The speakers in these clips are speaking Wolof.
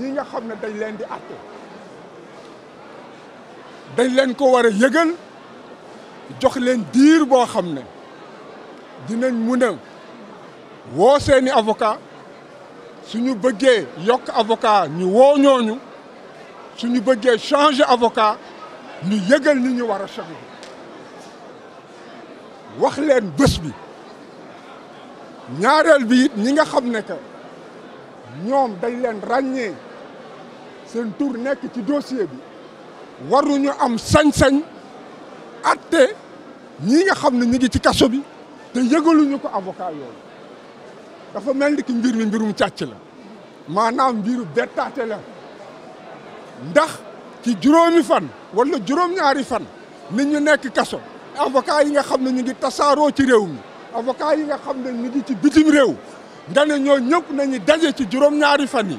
ñi nga xam ne dañ leen di àtte dañ leen ko war a yëgal jox leen diir boo xam ne dinañ mun a woo seeni avocat suñu bëggee yokk avocat ñu woo ñooñu suñu bëggee changer avocat ñu yëgal ni ñu war a changer wax leen bés bi ñaareel bi ñi nga xam ne que ñoom dañ leen ràññee seen tur nekk ci dossier bi waruñu am sañ-sañ atte ñii nga xam na ñu ngi ci kaso bi te yëgaluñu ko avocat dafa mel ni ki mbir mi mbirum càcc la maanaam mbiru bettaate la ndax ci juróomi fan wala juróom-ñaari fan nit ñu nekk kaso avocat yi nga xam ne ñu ngi tasaaroo ci réew mi avocat yi nga xam na ñu ngi ci bitim réew nga ne ñoo ñëpp na nañu daje ci juróom-ñaari fan yi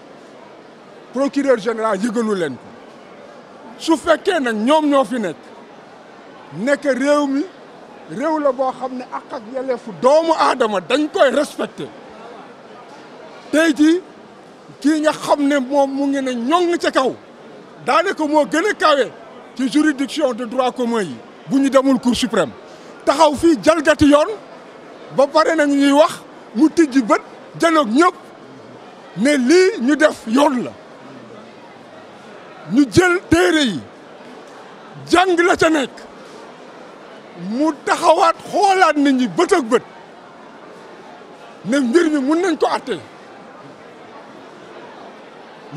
procureur général yëgalu leen ko su fekkee nag ñoom ñoo fi nekk nekk réew mi réew la boo xam ne ak ak yelleefu doomu aadama dañ koy respecté tey jii kii nga xam ne moom mu ngi ne ñoŋ ca kaw ko moo gën a kawe ci juridiction de droit commun yi bu ñu demul cour suprême taxaw fii jalgati yoon ba pare nañ ñuy wax mu tijji bët janoog ñëpp ne lii ñu def yoon la ñu jël téere yi jàng la ca nekk mu taxawaat xoolaat nit ñi bët ak mbir mi mun nañ ko àttee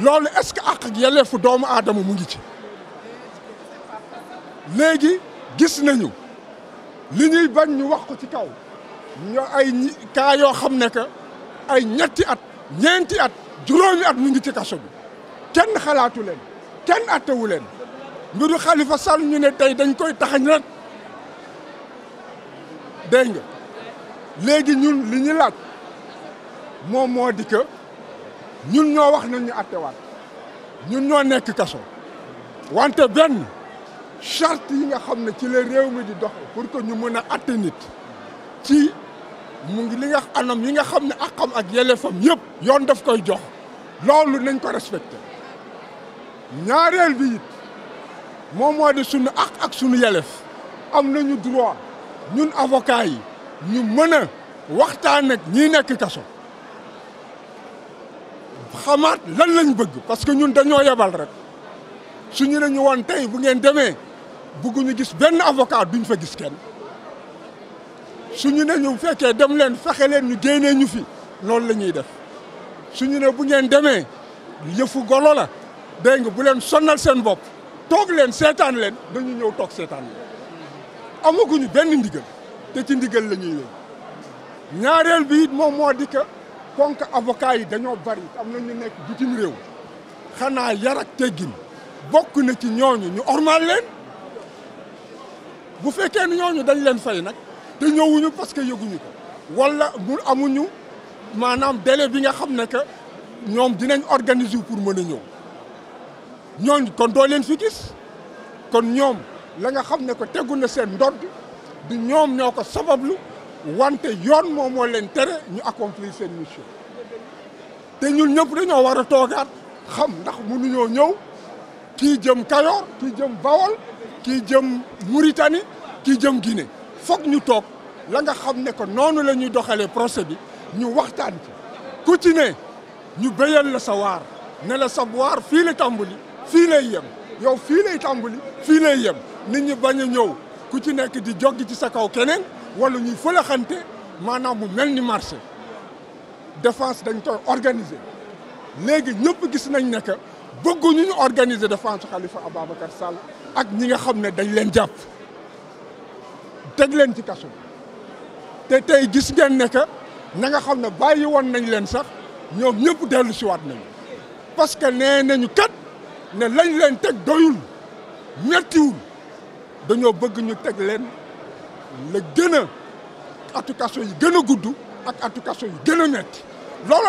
loolu est-ce que àq ak yelleefu doomu aadama mu ngi ci léegi gis nañu li ñuy bañ ñu wax ko ci kaw ñu ay kaa yoo xam ne que ay ñetti at ñeenti at juróomi at mu ngi ci kaso bi kenn xalaatu leen kenn attewu leen mbiru xalifa Sall ñu ne tey dañ koy taxañ rek dégg nga léegi ñun li ñu laaj moom moo di que ñun ñoo wax nañ ñu attewaat ñun ñoo nekk kaso wante benn charte yi nga xam ne ci la réew mi di dox pour que ñu mën a atte nit ci mu ngi li nga anam yi nga xam ne ak xam ak yelleefam yëpp yoon daf koy jox loolu nañ ko respecté ñaareel bi it moom moo di sunu ak ak sunu yelef am nañu droit ñun avocat yi ñu mën a waxtaan ak ñi nekk kaso xamaat lan lañ bëgg parce que ñun dañoo yebal rek suñu ne ñu woon tey bu ngeen demee bëgguñu gis benn avocat duñ fa gis kenn suñu ne ñu fekkee dem leen fexe leen ñu génnee ñu fi loolu la ñuy def suñu ne bu ngeen demee yëfu golo la dégg nga bu leen sonnal seen bopp toog leen seetaan leen dañu ñëw toog seetaan leen amaguñu benn ndigal te ci ndigal la ñuy ñëw ñaareel bi it moom moo di que konk avocat yi dañoo bari am na ñu bitim réew xanaa yar ak teggin bokk na ci ñooñu ñu ormal leen bu fekkee ni ñooñu dañ leen fay nag te ñëwuñu parce que yëguñu ko wala mu amuñu maanaam délai bi nga xam ne que dinañ organiser pour mën a ñooñ kon doo leen fi gis kon ñoom la nga xam ne ko tegu na seen ndodd du ñoom ñoo ko sabablu wante yoon moomoo leen tere ñu accomplir seen mission te ñun ñëpp dañoo war a toogaat xam ndax mënuñoo ñëw kii jëm Kayoor kii jëm Bawol kii jëm Mauritanie kii jëm gine foog ñu toog la nga xam ne ko noonu la ñuy doxalee procès bi ñu waxtaan ci ku ci ne ñu béyal la sa waar ne la sa waar fii la tàmbali fii lay yem yow fii lay tàmbali fii lay yem ni ñi bañ a ñëw ku ci nekk di joggi ci sa kaw keneen wala ñuy fëlaxante maanaam mu mel ni marché défense dañ koy organiser léegi ñëpp gis nañ ne que bëgguñu ñu organiser défense Khalifa Ababacar Sall ak ñi nga xam ne dañ leen jàpp teg leen ci kaso te tey gis ngeen ne que na nga xam ne bàyyi woon nañ leen sax ñoom ñëpp dellu siwaat nañu parce nee nañu kat ne lañ leen teg doyul dañoo bëgg ñu teg leen le gën a yi gën a ak yi gën a metti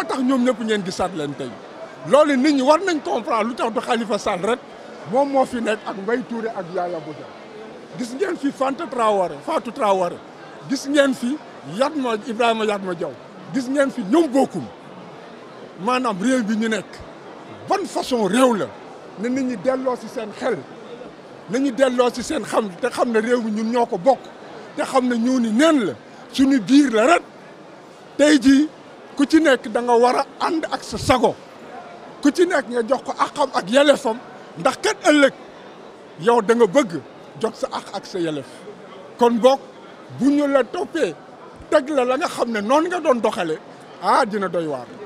tax ñoom ñëpp ngeen gisaat leen tey loolu nit ñi war nañ comprendre lu tax du Khalifa Sall rek moom moo fi nekk ak mbay Touré ak Bouda gis ngeen fi Traoré Fatou Traoré gis ngeen fi Yatma Ibrahima Yatma Diaw gis ngeen fi ñoom bokkum maanaam réew bi ñu nekk ban façon réew na nit ñi delloo si seen xel nañu delloo si seen xam te xam ne réew ñun ñoo ko bokk te xam ne ñoo ni neen la suñu biir la ret tey jii ku ci nekk da nga war a ànd ak sa sago ku ci nekk nga jox ko ak xam ak yelefam ndax kat ëllëg yow danga bëgg jot sa àq ak sa yelef kon boog bu ñu la toppee teg la la nga xam ne noonu nga doon doxale ah dina doy waar